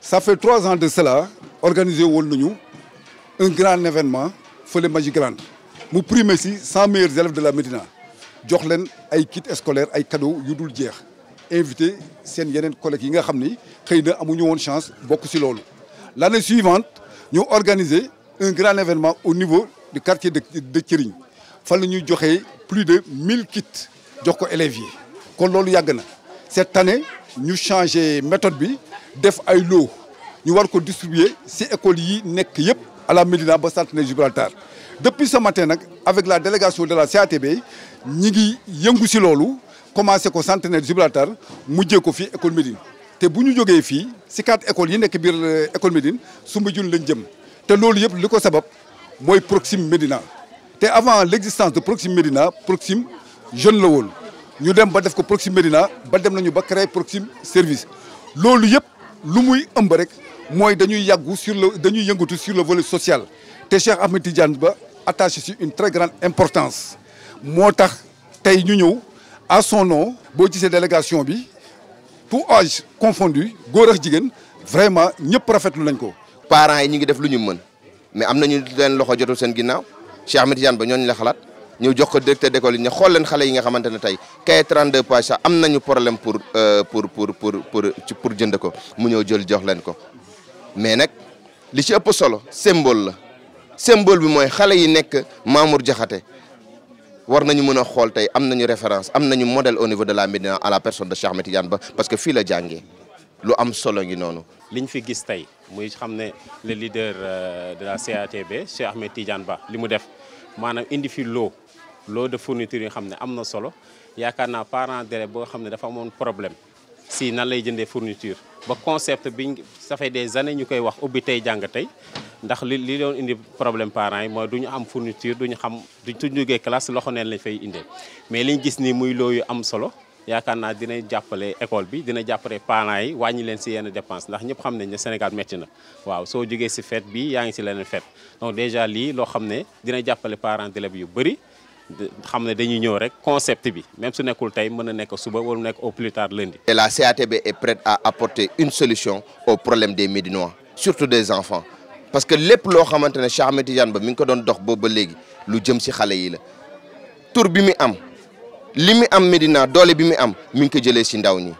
Ça fait trois ans de cela, organisé un grand événement, Folie magic Grande. Nous prions ici 100 meilleurs élèves de la Médina. Nous ay des kits scolaires, des cadeaux, des cadeaux. Invité collègues qui a eu une chance L'année suivante, nous avons organisé un grand événement au niveau du quartier de, de, fan la ñuy plus de 1000 kits jox ko élèves yi kon loolu yàgg cette année ñu changé méthode bi def ay lots ñu war ko distribuer ci écoles yi nekk à la Médina ba de Gibraltar depuis ce matin avec la délégation de la CATB ñi ngi yëngu ci loolu commencé ko Centenaire Gibraltar mujjee ko fii école Médine te bu ñu jógee fii ci quatre écoles yi nekk biir euh, école Médine Soumbédioune lañ jëm te loolu yëpp li sabab mooy Proxim Médina et avant l'existence de Proxim Médina Proxim jeune la nous ñu dem ba def ko Proxim Médina ba dem nañu ba créer Proxim service loolu yëpp lu muy ëmb rek mooy dañuy yàggu sur le dañuy sur le volet social te Cheikh Ahmed Tidiane Ba attaché une très grande importance Moi Tay tey ñu ñëw à son nom boo cette délégation bi tout âge confondu góor ak vraiment ñëpp rafetlu nañ ko. parents yi ñu ngi def lu ñu mais am nañu fait loxo jotul seen Cheikh Ahmed Tidiane ba ñu la xalat ñeu jox ko directeur d'école ñi xol leen xalé yi nga xamantene tay kay 32 pages sax am nañu problème pour euh, pour pour pour pour pour jënd ko mu ñeu jël jox leen ko mais nak li ci ëpp solo symbole la symbole bi moy xalé yi nekk Mamour jaxaté war nañu mëna a tay am nañu référence am nañu modèle au niveau de la Médina à la personne de Cheikh Ahmed Tidiane Ba parce que fi la lu am solo ngi nonu liñ fi gis tay muy xamné le leader euh, de la CATB Cheikh Ahmed Tidiane Ba li def. manam indi fi lot lot de fourniture yoo xam ne solo yakarna parents parent bo boo dafa amone problème si nan lay jëndé fourniture ba concept bi ça fait des années ñu wax ubbi tay jang tay ndax li li doon indi problème parents yi mooy du am fourniture du xam duñu duggee classe loxo neen lañ fay indé mais liñ gis ni muy lo yu am solo yaakaar naa dinañ jàppale école bi dina jàppale parents yi wàññi leen si yenn dépense ndax ñëpp xam nañ ne Sénégal métti na waaw soo jógee si fête bi yaa ngi si leneen fête donc déjà lii loo xam ne dina jàppale parents d'élèves yu bëri xam ne dañuy ñëw rek concept bi même su nekkul tey mën na nekk suba wala nekk au plus tard lundi. Et la CATB est prête à apporter une solution au problème des Médinois surtout des enfants parce que lépp loo xamante ne Cheikh Ahmed Tidiane Ba mi ngi ko doon dox boobu ba léegi lu jëm si xale yi la tur bi mi am. li mu am Médina doole bi mu am mi ngi ko jëlee ci ndaw ñi.